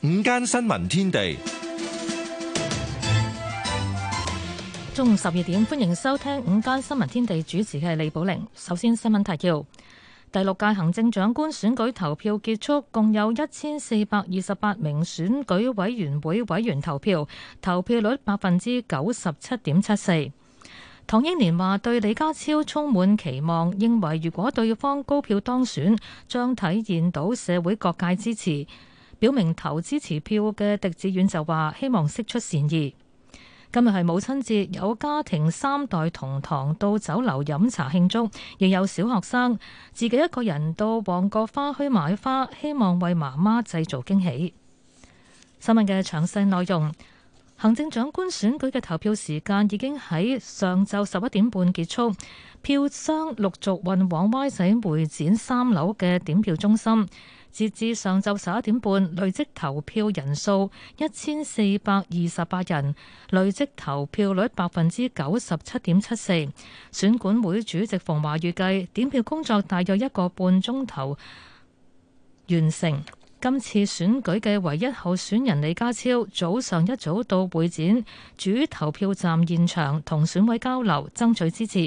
午間新聞天地，中午十二點，歡迎收聽午間新聞天地，主持嘅李寶玲。首先新聞提要：第六屆行政長官選舉投票結束，共有一千四百二十八名選舉委員會委員投票，投票率百分之九十七點七四。唐英年話：對李家超充滿期望，認為如果對方高票當選，將體現到社會各界支持。表明投資持票嘅狄志遠就話：希望釋出善意。今日係母親節，有家庭三代同堂到酒樓飲茶慶祝，亦有小學生自己一個人到旺角花墟買花，希望為媽媽製造驚喜。新聞嘅詳細內容，行政長官選舉嘅投票時間已經喺上晝十一點半結束，票箱陸續運往灣仔會展三樓嘅點票中心。截至上晝十一點半，累積投票人數一千四百二十八人，累積投票率百分之九十七點七四。選管會主席馮驊預計點票工作大約一個半鐘頭完成。今次選舉嘅唯一候選人李家超早上一早到會展主投票站現場同選委交流爭取支持。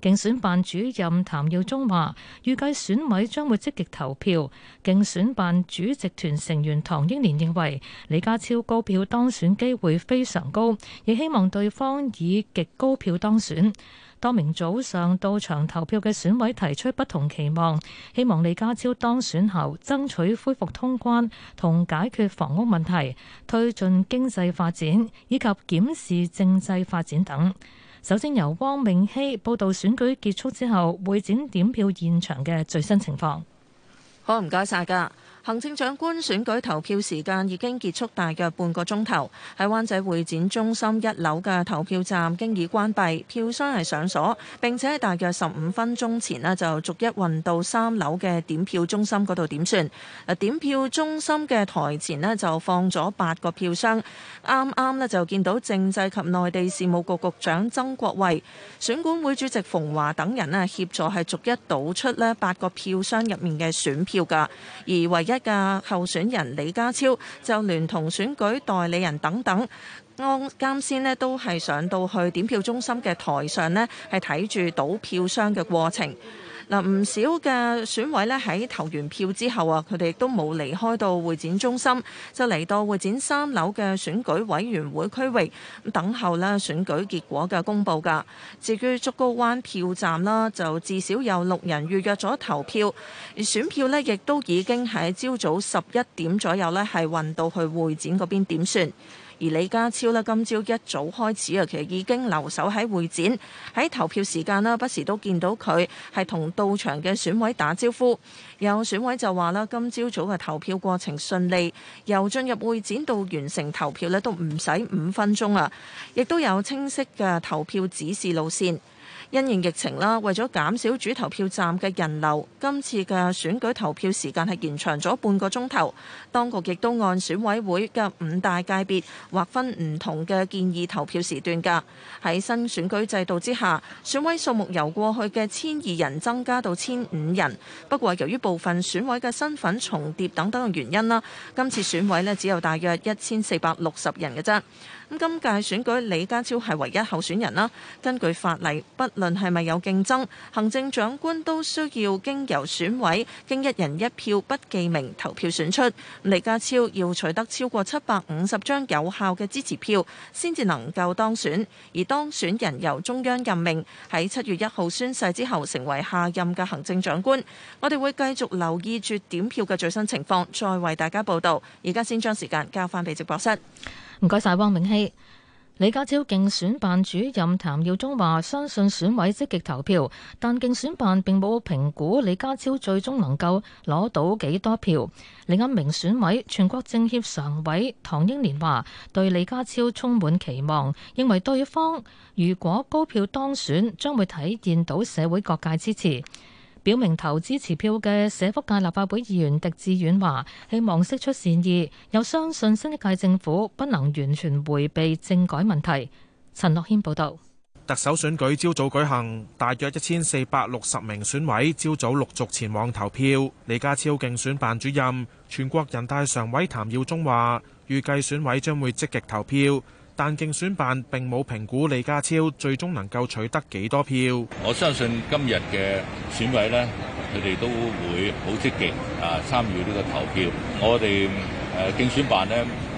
競選辦主任譚耀宗話：預計選委將會積極投票。競選辦主席團成員唐英年認為李家超高票當選機會非常高，亦希望對方以極高票當選。多名早上到場投票嘅選委提出不同期望，希望李家超當選後爭取恢復通關同解決房屋問題，推進經濟發展以及檢視政制發展等。首先由汪明熙報道選舉結束之後會展點票現場嘅最新情況。好，唔該晒㗎。行政長官選舉投票時間已經結束大約半個鐘頭，喺灣仔會展中心一樓嘅投票站經已關閉，票箱係上鎖，並且大約十五分鐘前咧就逐一運到三樓嘅點票中心嗰度點算。嗱，點票中心嘅台前咧就放咗八個票箱，啱啱咧就見到政制及內地事務局局長曾國衛、選管會主席馮華等人咧協助係逐一倒出咧八個票箱入面嘅選票㗎，而唯一嘅候選人李家超就聯同選舉代理人等等，啱啱先呢都係上到去點票中心嘅台上呢係睇住倒票箱嘅過程。嗱，唔少嘅選委咧，喺投完票之後啊，佢哋都冇離開到會展中心，就嚟到會展三樓嘅選舉委員會區域咁等候咧，選舉結果嘅公佈㗎。至於竹篙灣票站啦，就至少有六人預約咗投票，而選票咧亦都已經喺朝早十一點左右咧係運到去會展嗰邊點算。而李家超呢，今朝一早開始啊，其實已經留守喺會展，喺投票時間啦，不時都見到佢係同到場嘅選委打招呼。有選委就話啦，今朝早嘅投票過程順利，由進入會展到完成投票呢，都唔使五分鐘啊，亦都有清晰嘅投票指示路線。因應疫情啦，為咗減少主投票站嘅人流，今次嘅選舉投票時間係延長咗半個鐘頭。當局亦都按選委會嘅五大界別劃分唔同嘅建議投票時段㗎。喺新選舉制度之下，選委數目由過去嘅千二人增加到千五人。不過由於部分選委嘅身份重疊等等嘅原因啦，今次選委呢只有大約一千四百六十人嘅啫。咁今屆選舉，李家超係唯一候選人啦。根據法例，不論係咪有競爭，行政長官都需要經由選委經一人一票不記名投票選出。李家超要取得超過七百五十張有效嘅支持票，先至能夠當選。而當選人由中央任命，喺七月一號宣誓之後，成為下任嘅行政長官。我哋會繼續留意住點票嘅最新情況，再為大家報道。而家先將時間交翻俾直播室。唔該晒。謝謝汪明熙，李家超競選辦主任譚耀宗話：相信選委積極投票，但競選辦並冇評估李家超最終能夠攞到幾多票。另一名選委、全國政協常委唐英年話：對李家超充滿期望，認為對方如果高票當選，將會體現到社會各界支持。表明投支持票嘅社福界立法會議員狄志遠話：希望釋出善意，又相信新一屆政府不能完全迴避政改問題。陳樂軒報道，特首選舉朝早舉行，大約一千四百六十名選委朝早陸續前往投票。李家超競選辦主任、全國人大常委譚耀宗話：預計選委將會積極投票。但競選辦並冇評估李家超最終能夠取得幾多票。我相信今日嘅選委呢，佢哋都會好積極啊，參與呢個投票。我哋誒競選辦呢，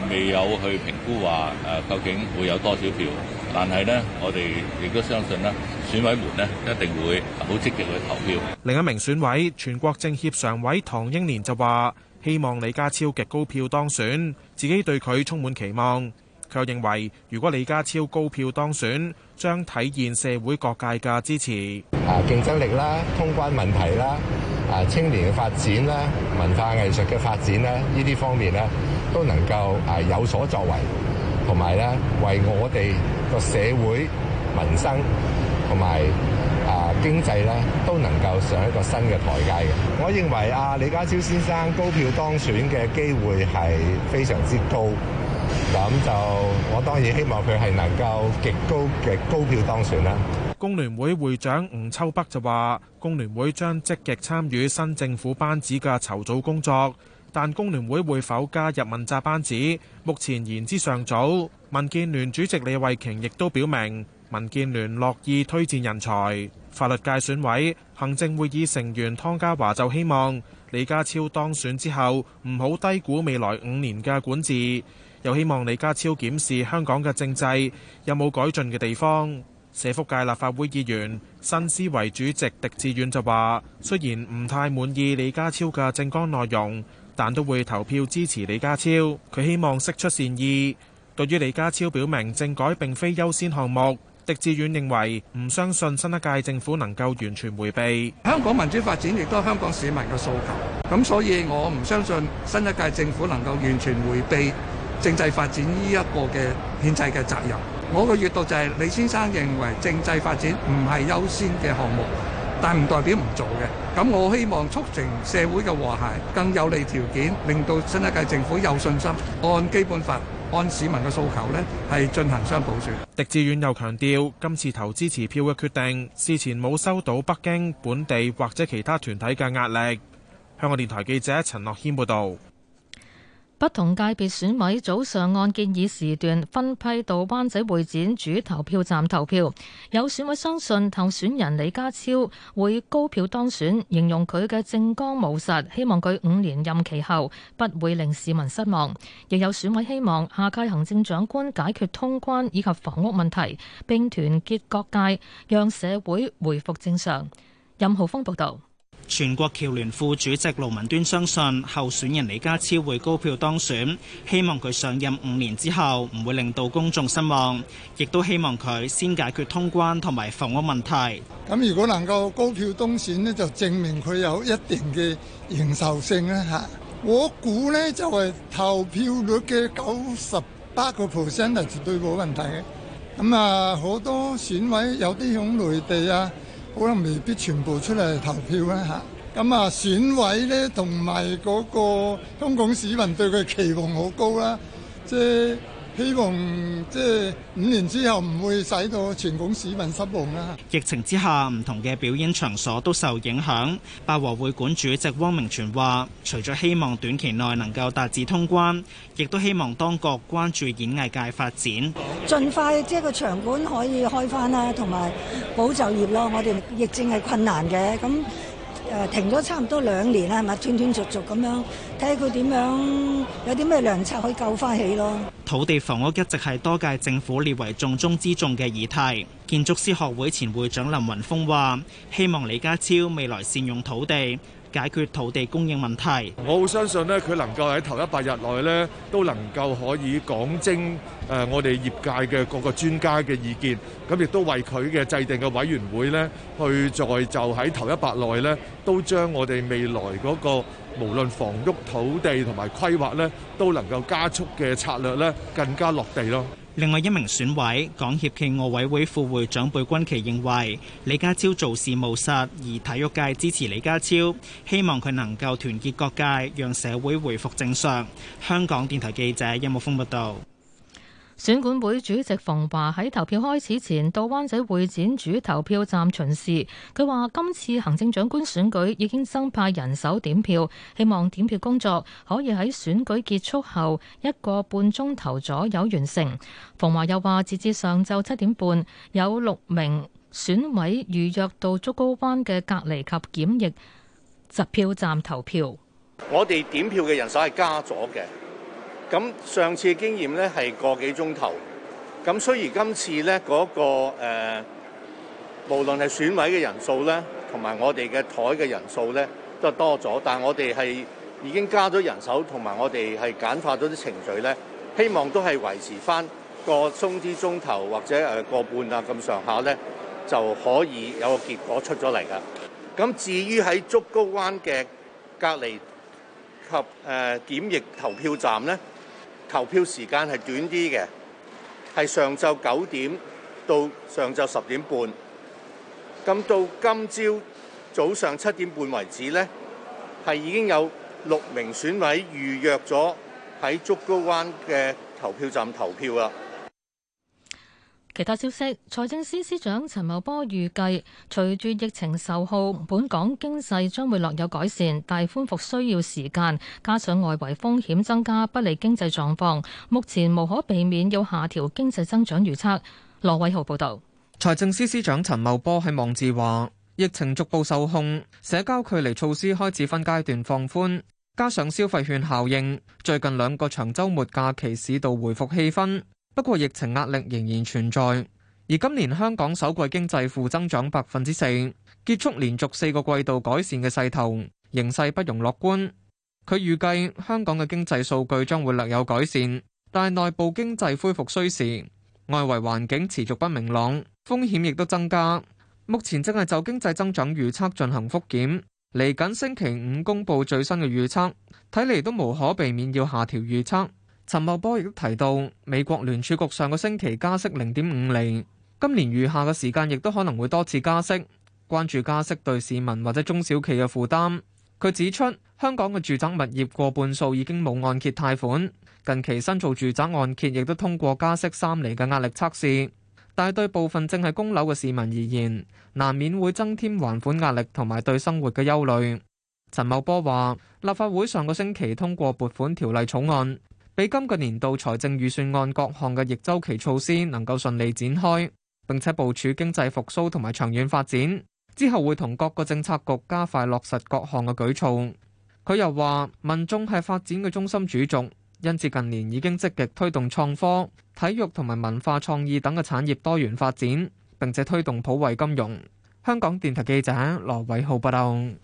未有去評估話誒究竟會有多少票，但係呢，我哋亦都相信咧選委們咧一定會好積極去投票。另一名選委，全國政協常委唐英年就話，希望李家超極高票當選，自己對佢充滿期望。佢又認為，如果李家超高票當選，將體現社會各界嘅支持。啊，競爭力啦，通關問題啦，啊，青年嘅發展啦，文化藝術嘅發展啦，呢啲方面咧，都能夠啊有所作為，同埋咧，為我哋個社會民生同埋啊經濟咧，都能夠上一個新嘅台階嘅。我認為啊，李家超先生高票當選嘅機會係非常之高。咁就我當然希望佢係能夠極高極高票當選啦。工聯會會長吳秋北就話工聯會將積極參與新政府班子嘅籌組工作，但工聯會會否加入問責班子，目前言之尚早。民建聯主席李慧瓊亦都表明，民建聯樂意推薦人才。法律界選委、行政會議成員湯家驊就希望李家超當選之後唔好低估未來五年嘅管治。又希望李家超檢視香港嘅政制有冇改進嘅地方。社福界立法會議員、新思維主席狄志遠就話，雖然唔太滿意李家超嘅政綱內容，但都會投票支持李家超，佢希望釋出善意。對於李家超表明政改並非優先項目，狄志遠認為唔相信新一屆政府能夠完全回避。香港民主發展亦都係香港市民嘅訴求，咁所以我唔相信新一屆政府能夠完全回避政制發展呢一個嘅憲制嘅責任，我嘅閲讀就係李先生認為政制發展唔係優先嘅項目，但唔代表唔做嘅。咁我希望促成社會嘅和諧，更有利條件，令到新一屆政府有信心，按基本法，按市民嘅訴求呢係進行雙普選。狄志遠又強調，今次投支持票嘅決定事前冇收到北京、本地或者其他團體嘅壓力。香港電台記者陳樂軒報導。不同界別選委早上按建議時段分批到灣仔會展主投票站投票。有選委相信候選人李家超會高票當選，形容佢嘅政綱務實，希望佢五年任期後不會令市民失望。亦有選委希望下屆行政長官解決通關以及房屋問題，並團結各界，讓社會回復正常。任浩峰報道。全國僑聯副主席盧文端相信候選人李家超會高票當選，希望佢上任五年之後唔會令到公眾失望，亦都希望佢先解決通關同埋房屋問題。咁如果能夠高票當選呢就證明佢有一定嘅認受性啦嚇。我估呢就係投票率嘅九十八個 percent 係絕對冇問題嘅。咁啊，好多選委有啲響內地啊。可能未必全部出嚟投票啦吓，咁啊選委咧同埋嗰個香港市民對佢期望好高啦，即係。希望即係五年之後唔會使到全港市民失望啦。疫情之下，唔同嘅表演場所都受影響。八和會館主席汪明荃話，除咗希望短期內能夠達至通關，亦都希望當局關注演藝界發展，盡快即係個場館可以開翻啦，同埋保就業咯。我哋疫症係困難嘅咁。誒、呃、停咗差唔多兩年啦，係咪斷斷續續咁樣睇下佢點樣有啲咩良策可以救翻起咯？土地房屋一直係多屆政府列為重中之重嘅議題。建築師學會前會長林雲峰話：希望李家超未來善用土地。解決土地供應問題，我好相信呢，佢能夠喺頭一百日內呢，都能夠可以講徵誒我哋業界嘅各個專家嘅意見，咁亦都為佢嘅制定嘅委員會呢，去在就喺頭一百內呢，都將我哋未來嗰個無論房屋土地同埋規劃呢，都能夠加速嘅策略呢，更加落地咯。另外一名選委，港協暨奧委會副會長貝鈞奇認為，李家超做事務實，而體育界支持李家超，希望佢能夠團結各界，讓社會回復正常。香港電台記者殷木峯報道。選管會主席馮華喺投票開始前到灣仔會展主投票站巡視，佢話今次行政長官選舉已經增派人手點票，希望點票工作可以喺選舉結束後一個半鐘頭左右完成。馮華又話，截至上晝七點半，有六名選委預約到竹篙灣嘅隔離及檢疫集票站投票。我哋點票嘅人手係加咗嘅。咁上次嘅經驗咧係個幾鐘頭，咁雖然今次咧、那、嗰個誒、呃，無論係選委嘅人數咧，同埋我哋嘅枱嘅人數咧都係多咗，但係我哋係已經加咗人手，同埋我哋係簡化咗啲程序咧，希望都係維持翻個鬆之鐘頭或者誒個半啊咁上下咧就可以有個結果出咗嚟㗎。咁至於喺竹篙灣嘅隔離及誒、呃、檢疫投票站咧？投票時間係短啲嘅，係上晝九點到上晝十點半，噉到今朝早上七點半為止呢，係已經有六名選委預約咗喺竹篙灣嘅投票站投票啦。其他消息，財政司司長陳茂波預計隨住疫情受控，本港經濟將會略有改善，但寬幅需要時間，加上外圍風險增加，不利經濟狀況，目前無可避免要下調經濟增長預測。羅偉豪報道。財政司司長陳茂波喺網誌話疫情逐步受控，社交距離措施開始分階段放寬，加上消費券效應，最近兩個長週末假期市道回復氣氛。不過疫情壓力仍然存在，而今年香港首季經濟負增長百分之四，結束連續四個季度改善嘅勢頭，形勢不容樂觀。佢預計香港嘅經濟數據將會略有改善，但係內部經濟恢復需時，外圍環境持續不明朗，風險亦都增加。目前正係就經濟增長預測進行復檢，嚟緊星期五公布最新嘅預測，睇嚟都無可避免要下調預測。陳茂波亦都提到，美國聯儲局上個星期加息零點五厘，今年餘下嘅時間亦都可能會多次加息，關注加息對市民或者中小企嘅負擔。佢指出，香港嘅住宅物業過半數已經冇按揭貸款，近期新造住宅按揭亦都通過加息三厘嘅壓力測試，但係對部分正係供樓嘅市民而言，難免會增添還款壓力同埋對生活嘅憂慮。陳茂波話：立法會上個星期通過撥款條例草案。俾今個年，年度財政預算案各項嘅逆周期措施能夠順利展開，並且部署經濟復甦同埋長遠發展。之後會同各個政策局加快落實各項嘅舉措。佢又話：民眾係發展嘅中心主軸，因此近年已經積極推動創科、體育同埋文化創意等嘅產業多元發展，並且推動普惠金融。香港電台記者羅偉浩報道。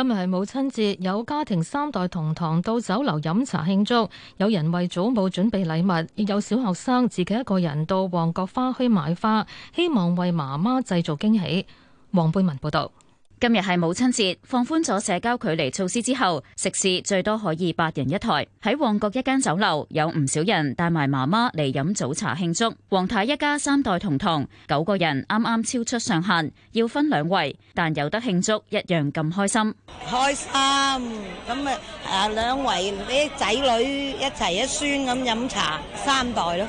今日係母親節，有家庭三代同堂到酒樓飲茶慶祝，有人為祖母準備禮物，亦有小學生自己一個人到旺角花墟買花，希望為媽媽製造驚喜。黃貝文報道。今日係母親節，放寬咗社交距離措施之後，食肆最多可以八人一台。喺旺角一間酒樓，有唔少人帶埋媽媽嚟飲早茶慶祝。黃太一家三代同堂，九個人啱啱超出上限，要分兩圍，但有得慶祝一樣咁開心。開心咁啊！啊兩位啲仔女一齊一孫咁飲茶，三代咯。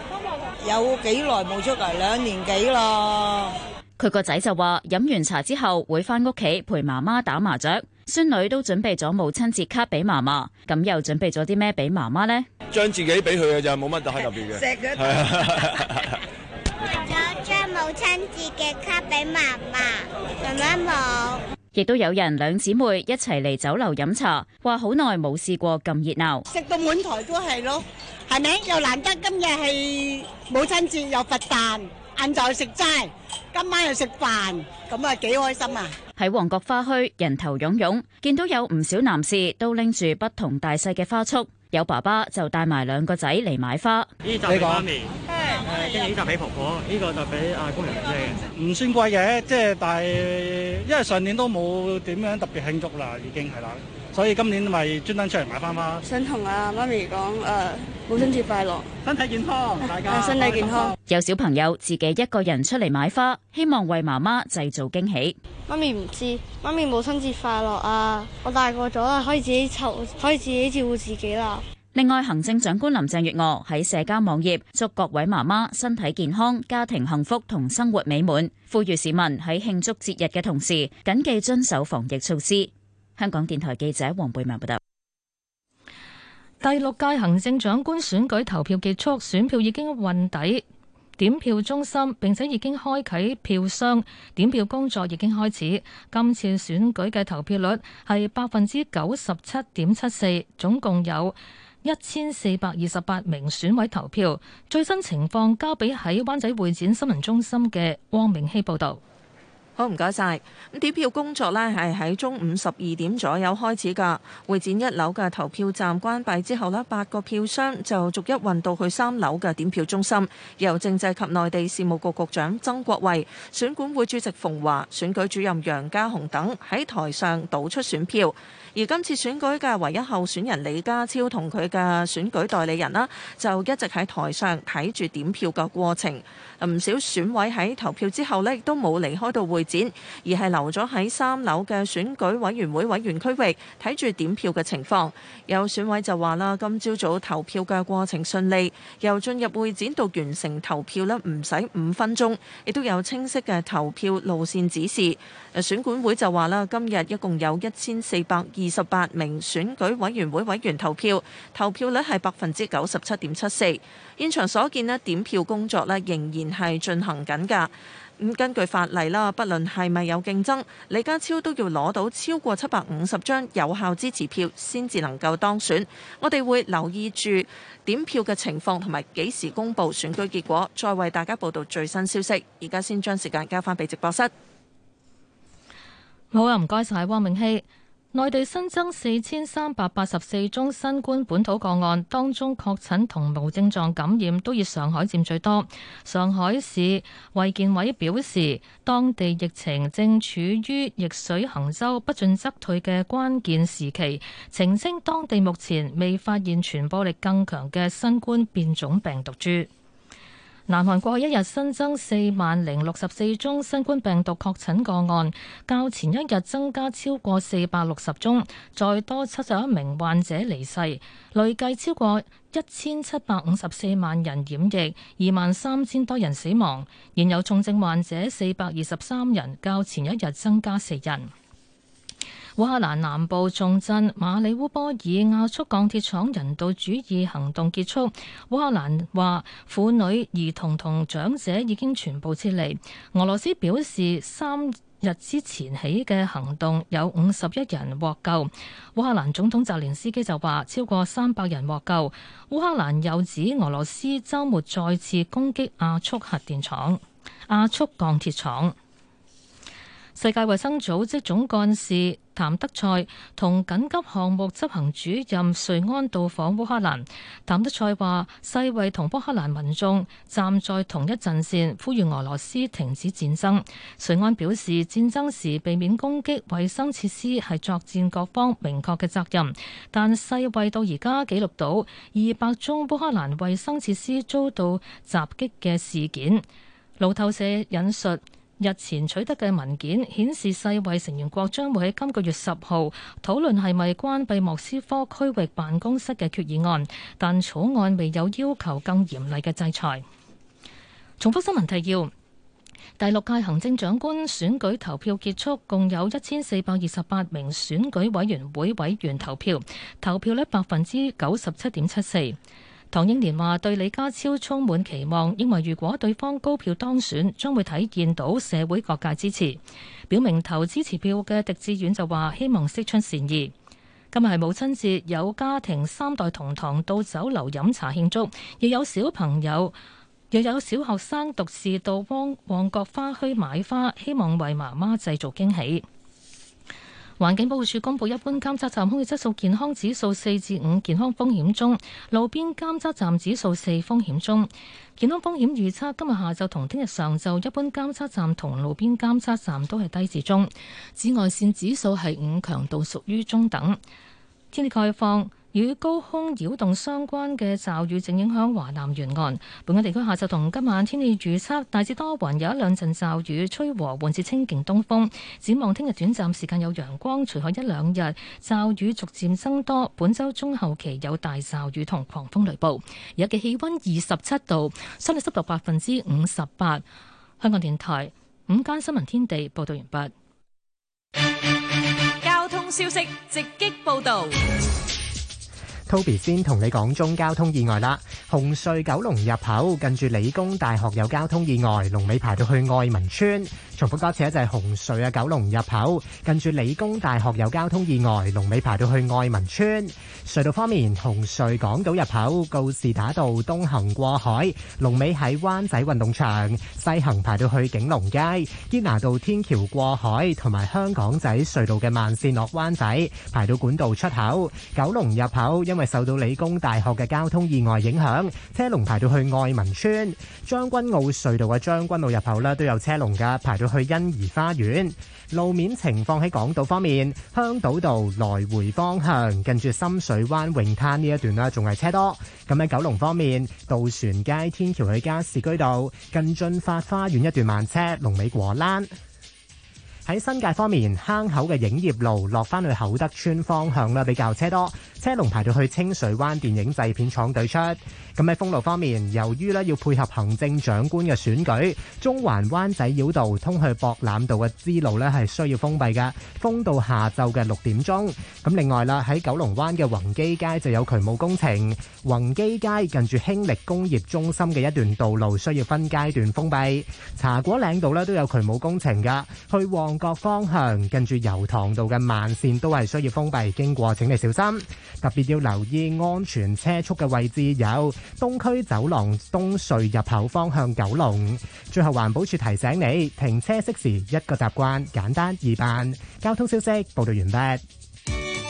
有幾耐冇出嚟？兩年幾咯。佢個仔就話飲完茶之後會翻屋企陪媽媽打麻雀，孫女都準備咗母親節卡俾媽媽，咁又準備咗啲咩俾媽媽呢？將自己俾佢嘅咋，冇乜喺入邊嘅。係啊，為咗將母親節嘅卡俾媽媽。陣間又亦都有人兩姊妹一齊嚟酒樓飲茶，話好耐冇試過咁熱鬧。食到滿台都係咯，係咪？又難得今日係母親節又佛誕。晏就去食齋，今晚又食飯，咁啊幾開心啊！喺旺角花墟人頭湧湧，見到有唔少男士都拎住不同大細嘅花束，有爸爸就帶埋兩個仔嚟買花。呢紮俾媽咪，誒，呢紮俾婆婆，呢個就俾阿姑娘。唔算貴嘅，即係，但係因為上年都冇點樣特別慶祝啦，已經係啦。所以今年咪專登出嚟買花嘛！想同阿媽咪講，誒、呃，母親節快樂，身體健康，大家、啊、身體健康。安有小朋友自己一個人出嚟買花，希望為媽媽製造驚喜。媽咪唔知，媽咪母親節快樂啊！我大個咗啦，可以自己湊，可以自己照顧自己啦。另外，行政長官林鄭月娥喺社交網頁祝各位媽媽身體健康、家庭幸福同生活美滿，呼籲市民喺慶祝節日嘅同時，謹記遵守防疫措施。香港電台記者黃貝文報道：第六屆行政長官選舉投票結束，選票已經運抵點票中心，並且已經開啟票箱，點票工作已經開始。今次選舉嘅投票率係百分之九十七點七四，總共有一千四百二十八名選委投票。最新情況交俾喺灣仔會展新聞中心嘅汪明希報道。好唔該晒，咁點票工作咧係喺中午十二點左右開始噶。會展一樓嘅投票站關閉之後咧，八個票箱就逐一運到去三樓嘅點票中心，由政制及內地事務局局長曾國衛，選管會主席馮華，選舉主任楊家雄等喺台上倒出選票。而今次選舉嘅唯一候選人李家超同佢嘅選舉代理人啦，就一直喺台上睇住點票嘅過程。唔少選委喺投票之後咧，都冇離開到會。展而係留咗喺三樓嘅選舉委員會委員區域睇住點票嘅情況。有選委就話啦：今朝早，早投票嘅過程順利，由進入會展到完成投票咧，唔使五分鐘，亦都有清晰嘅投票路線指示。選管會就話啦：今日一共有一千四百二十八名選舉委員會委員投票，投票率係百分之九十七點七四。現場所見咧，點票工作咧仍然係進行緊㗎。咁根據法例啦，不論係咪有競爭，李家超都要攞到超過七百五十張有效支持票，先至能夠當選。我哋會留意住點票嘅情況，同埋幾時公佈選舉結果，再為大家報導最新消息。而家先將時間交翻俾直播室。好啊，唔該晒汪明熙。內地新增四千三百八十四宗新冠本土個案，當中確診同無症狀感染都以上海佔最多。上海市衛健委表示，當地疫情正處於逆水行舟、不進則退嘅關鍵時期，澄清當地目前未發現傳播力更強嘅新冠變種病毒株。南韓過去一日新增四萬零六十四宗新冠病毒確診個案，較前一日增加超過四百六十宗，再多七十一名患者離世，累計超過一千七百五十四萬人染疫，二萬三千多人死亡，現有重症患者四百二十三人，較前一日增加四人。烏克蘭南部重鎮馬里烏波爾亞速鋼鐵廠人道主義行動結束。烏克蘭話婦女、兒童同長者已經全部撤離。俄羅斯表示三日之前起嘅行動有五十一人獲救。烏克蘭總統澤連斯基就話超過三百人獲救。烏克蘭又指俄羅斯周末再次攻擊亞速核電廠、亞速鋼鐵廠。世界衛生組織總幹事。譚德賽同緊急項目執行主任瑞安到訪烏克蘭。譚德賽話：世衛同烏克蘭民眾站在同一陣線，呼籲俄羅斯停止戰爭。瑞安表示，戰爭時避免攻擊衛生設施係作戰各方明確嘅責任。但世衛到而家記錄到二百宗烏克蘭衛生設施遭到襲擊嘅事件。路透社引述。日前取得嘅文件顯示，世衛成員國將會喺今個月十號討論係咪關閉莫斯科區域辦公室嘅決議案，但草案未有要求更嚴厲嘅制裁。重複新聞提要：第六屆行政長官選舉投票結束，共有一千四百二十八名選舉委員會委員投票，投票率百分之九十七點七四。唐英年話：對李家超充滿期望，認為如果對方高票當選，將會體現到社會各界支持。表明投支持票嘅狄志遠就話：希望釋出善意。今日係母親節，有家庭三代同堂到酒樓飲茶慶祝，亦有小朋友，又有小學生獨自到旺旺角花墟買花，希望為媽媽製造驚喜。環境保護署公布一般監測站空氣質素健康指數四至五，健康風險中；路邊監測站指數四，風險中。健康風險預測今日下晝同聽日上晝一般監測站同路邊監測站都係低至中。紫外線指數係五，強度屬於中等。天氣概況。與高空擾動相關嘅驟雨正影響華南沿岸。本港地區下晝同今晚天氣預測大致多雲，有一兩陣驟雨，吹和緩至清勁東風。展望聽日短暫時間有陽光，隨後一兩日驟雨逐漸增多。本周中後期有大驟雨同狂風雷暴。而家嘅氣溫二十七度，相對濕度百分之五十八。香港電台午間新聞天地報道完畢。交通消息直擊報道。Toby 先同你講中交通意外啦，紅隧九龍入口近住理工大學有交通意外，龍尾排到去愛民村。重複多次一就係紅隧啊，九龍入口近住理工大學有交通意外，龍尾排到去愛民村。隧道方面，紅隧港島入口告士打道東行過海，龍尾喺灣仔運動場；西行排到去景隆街，堅拿道天橋過海，同埋香港仔隧道嘅慢綫落灣仔，排到管道出口。九龍入口因因為受到理工大學嘅交通意外影響，車龍排到去愛民村。將軍澳隧道嘅將軍澳入口啦，都有車龍噶，排到去欣怡花園。路面情況喺港島方面，香島道來回方向近住深水灣泳灘呢一段啦，仲係車多。咁喺九龍方面，渡船街天橋去加士居道近駿發花園一段慢車，龍尾果欄。喺新界方面，坑口嘅影業路落翻去厚德村方向啦，比較車多。車龍排到去清水灣電影製片廠對出。咁喺封路方面，由於咧要配合行政長官嘅選舉，中環灣仔繞道通去博覽道嘅支路咧係需要封閉嘅，封到下晝嘅六點鐘。咁另外啦，喺九龍灣嘅宏基街就有渠務工程。宏基街近住興力工業中心嘅一段道路需要分階段封閉。茶果嶺道咧都有渠務工程噶，去旺角方向，近住油塘道嘅慢線都係需要封閉，經過，請你小心。特別要留意安全車速嘅位置有東區走廊東隧入口方向九龍。最後環保署提醒你，停車熄匙一個習慣，簡單易辦。交通消息報道完畢。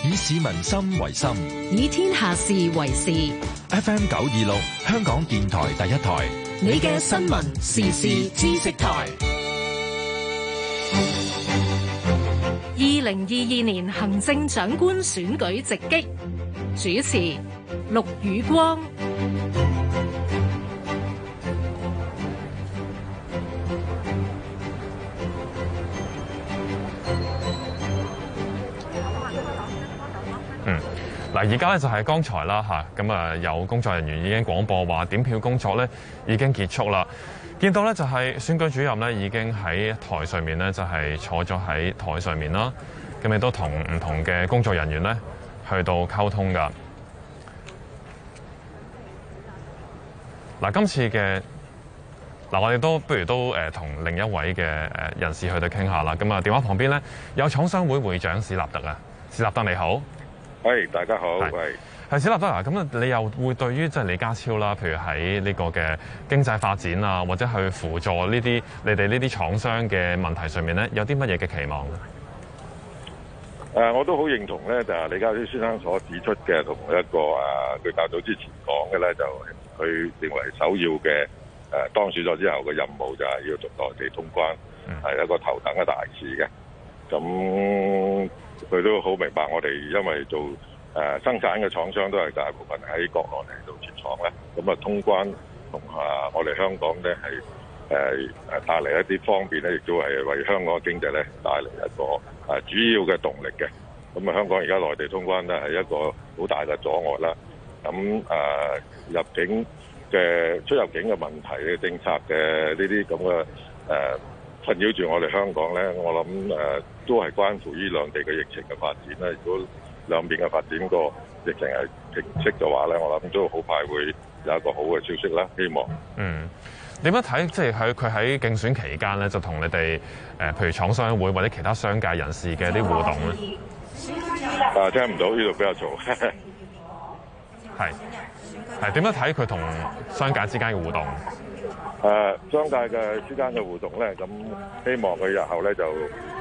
以市民心為心，以天下事為事。FM 九二六，香港電台第一台，你嘅新聞時事知識台。二零二二年行政長官選舉直擊，主持陸宇光。嗯，嗱，而家咧就係剛才啦，吓，咁啊有工作人員已經廣播話點票工作咧已經結束啦。見到咧就係選舉主任咧已經喺台上面咧就係、是、坐咗喺台上面啦，咁你都同唔同嘅工作人員咧去到溝通噶。嗱、啊，今次嘅嗱、啊、我哋都不如都誒同另一位嘅誒人士去到傾下啦。咁啊，電話旁邊咧有廠商會會長史立德啊，史立德你好，喂，hey, 大家好，係。係，史立德啊！咁你又會對於即係李家超啦，譬如喺呢個嘅經濟發展啊，或者去輔助呢啲你哋呢啲廠商嘅問題上面咧，有啲乜嘢嘅期望咧、呃？我都好認同咧，就係李家超先生所指出嘅，同一個誒，佢、啊、較早之前講嘅咧，就佢認為首要嘅誒、呃、當選咗之後嘅任務就係要做內地通關，係、嗯啊、一個頭等嘅大事嘅。咁佢都好明白我哋因為做。誒、啊、生產嘅廠商都係大部分喺國內嚟到設廠咧，咁啊通關同啊我哋香港咧係誒誒帶嚟一啲方便咧，亦都係為香港嘅經濟咧帶嚟一個誒主要嘅動力嘅。咁啊香港而家內地通關咧係一個好大嘅阻礙啦。咁誒、啊、入境嘅出入境嘅問題嘅政策嘅呢啲咁嘅誒困擾住我哋香港咧，我諗誒、啊、都係關乎於兩地嘅疫情嘅發展啦。如果兩邊嘅發展個疫情係平息嘅話咧，我諗都好快會有一個好嘅消息啦。希望。嗯，點樣睇？即係佢喺競選期間咧，就同你哋誒、呃，譬如廠商會或者其他商界人士嘅一啲互動咧。啊、嗯，聽唔到呢度比較嘈。係係點樣睇佢同商界之間嘅互動？誒商界嘅之間嘅互動咧，咁希望佢日後咧就誒、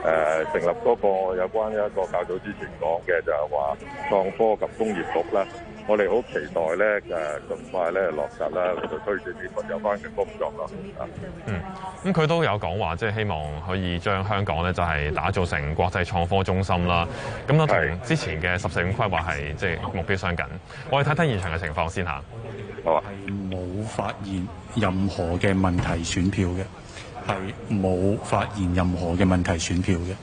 呃、成立多個有關一個較早之前講嘅就係話創科及工業局啦。我哋好期待咧誒盡快咧落實啦，嗰度推展呢個有關嘅工作咯。啊，啊嗯，咁佢都有講話，即、就、係、是、希望可以將香港咧就係、是、打造成國際創科中心啦。咁都同之前嘅十四五規劃係即係目標相近。我哋睇睇現場嘅情況先嚇。係冇發現任何嘅問題，選票嘅，係冇發現任何嘅問題，選票嘅。